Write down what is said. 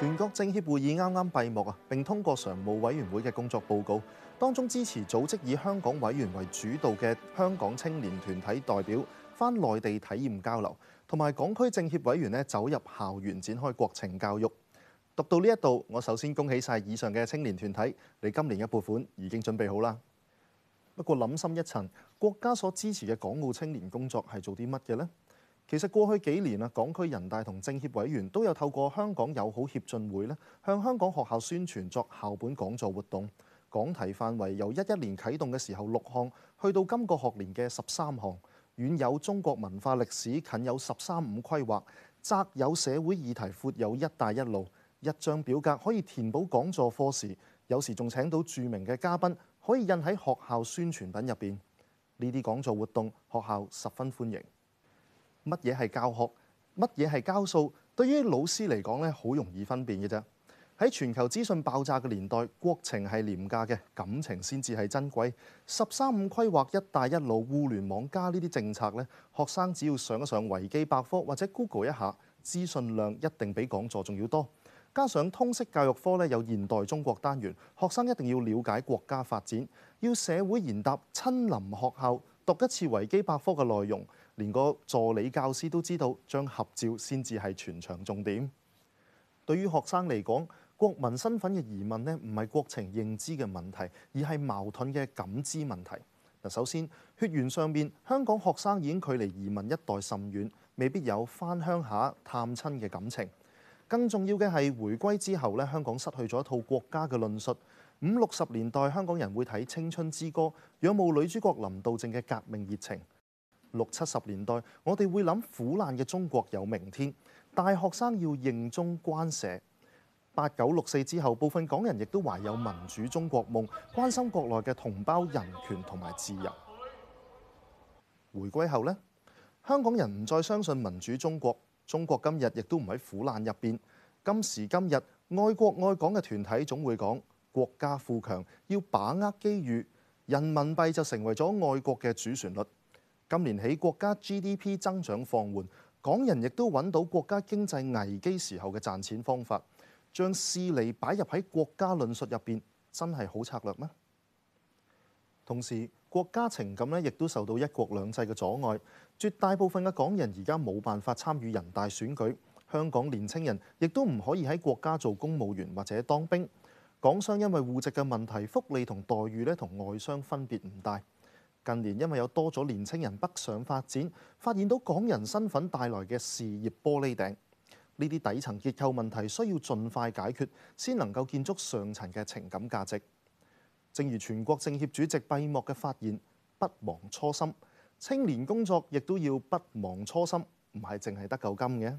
全國政協會議啱啱閉幕啊，並通過常務委員會嘅工作報告，當中支持組織以香港委員為主導嘅香港青年團體代表返內地體驗交流，同埋港區政協委員呢走入校園展開國情教育。讀到呢一度，我首先恭喜晒以上嘅青年團體，你今年嘅撥款已經準備好啦。不過諗深一層，國家所支持嘅港澳青年工作係做啲乜嘅呢？其實過去幾年啊，港區人大同政協委員都有透過香港友好協進會呢，向香港學校宣傳作校本講座活動。講題範圍由一一年啓動嘅時候六項，去到今個學年嘅十三項，遠有中國文化歷史，近有十三五規劃，窄有社會議題，闊有一帶一路。一張表格可以填補講座課時，有時仲請到著名嘅嘉賓，可以印喺學校宣傳品入邊。呢啲講座活動，學校十分歡迎。乜嘢係教學？乜嘢係交數？對於老師嚟講咧，好容易分辨嘅啫。喺全球資訊爆炸嘅年代，國情係廉價嘅，感情先至係珍貴。十三五規劃、一帶一路、互聯網加呢啲政策咧，學生只要上一上維基百科或者 Google 一下，資訊量一定比講座仲要多。加上通識教育科咧，有現代中國單元，學生一定要了解國家發展，要社會賢達親臨學校讀一次維基百科嘅內容，連個助理教師都知道將合照先至係全場重點。對於學生嚟講，國民身份嘅疑問咧，唔係國情認知嘅問題，而係矛盾嘅感知問題。嗱，首先血緣上面，香港學生已經距離移民一代甚遠，未必有返鄉下探親嘅感情。更重要嘅係，回歸之後咧，香港失去咗一套國家嘅論述。五六十年代，香港人會睇《青春之歌》，仰慕女主角林道靜嘅革命熱情；六七十年代，我哋會諗苦難嘅中國有明天，大學生要認中關社；八九六四之後，部分港人亦都懷有民主中國夢，關心國內嘅同胞人權同埋自由。回歸後呢，香港人唔再相信民主中國，中國今日亦都唔喺苦難入邊。今時今日，愛國愛港嘅團體總會講國家富強，要把握機遇，人民幣就成為咗愛國嘅主旋律。今年起，國家 GDP 增長放緩，港人亦都揾到國家經濟危機時候嘅賺錢方法，將私利擺入喺國家論述入邊，真係好策略咩？同時，國家情感呢亦都受到一國兩制嘅阻礙，絕大部分嘅港人而家冇辦法參與人大選舉。香港年青人亦都唔可以喺國家做公務員或者當兵。港商因為戶籍嘅問題，福利同待遇咧同外商分別唔大。近年因為有多咗年青人北上發展，發現到港人身份帶來嘅事業玻璃頂。呢啲底層結構問題，需要盡快解決，先能夠建築上層嘅情感價值。正如全國政協主席閉幕嘅發言，不忘初心，青年工作亦都要不忘初心，唔係淨係得舊金嘅。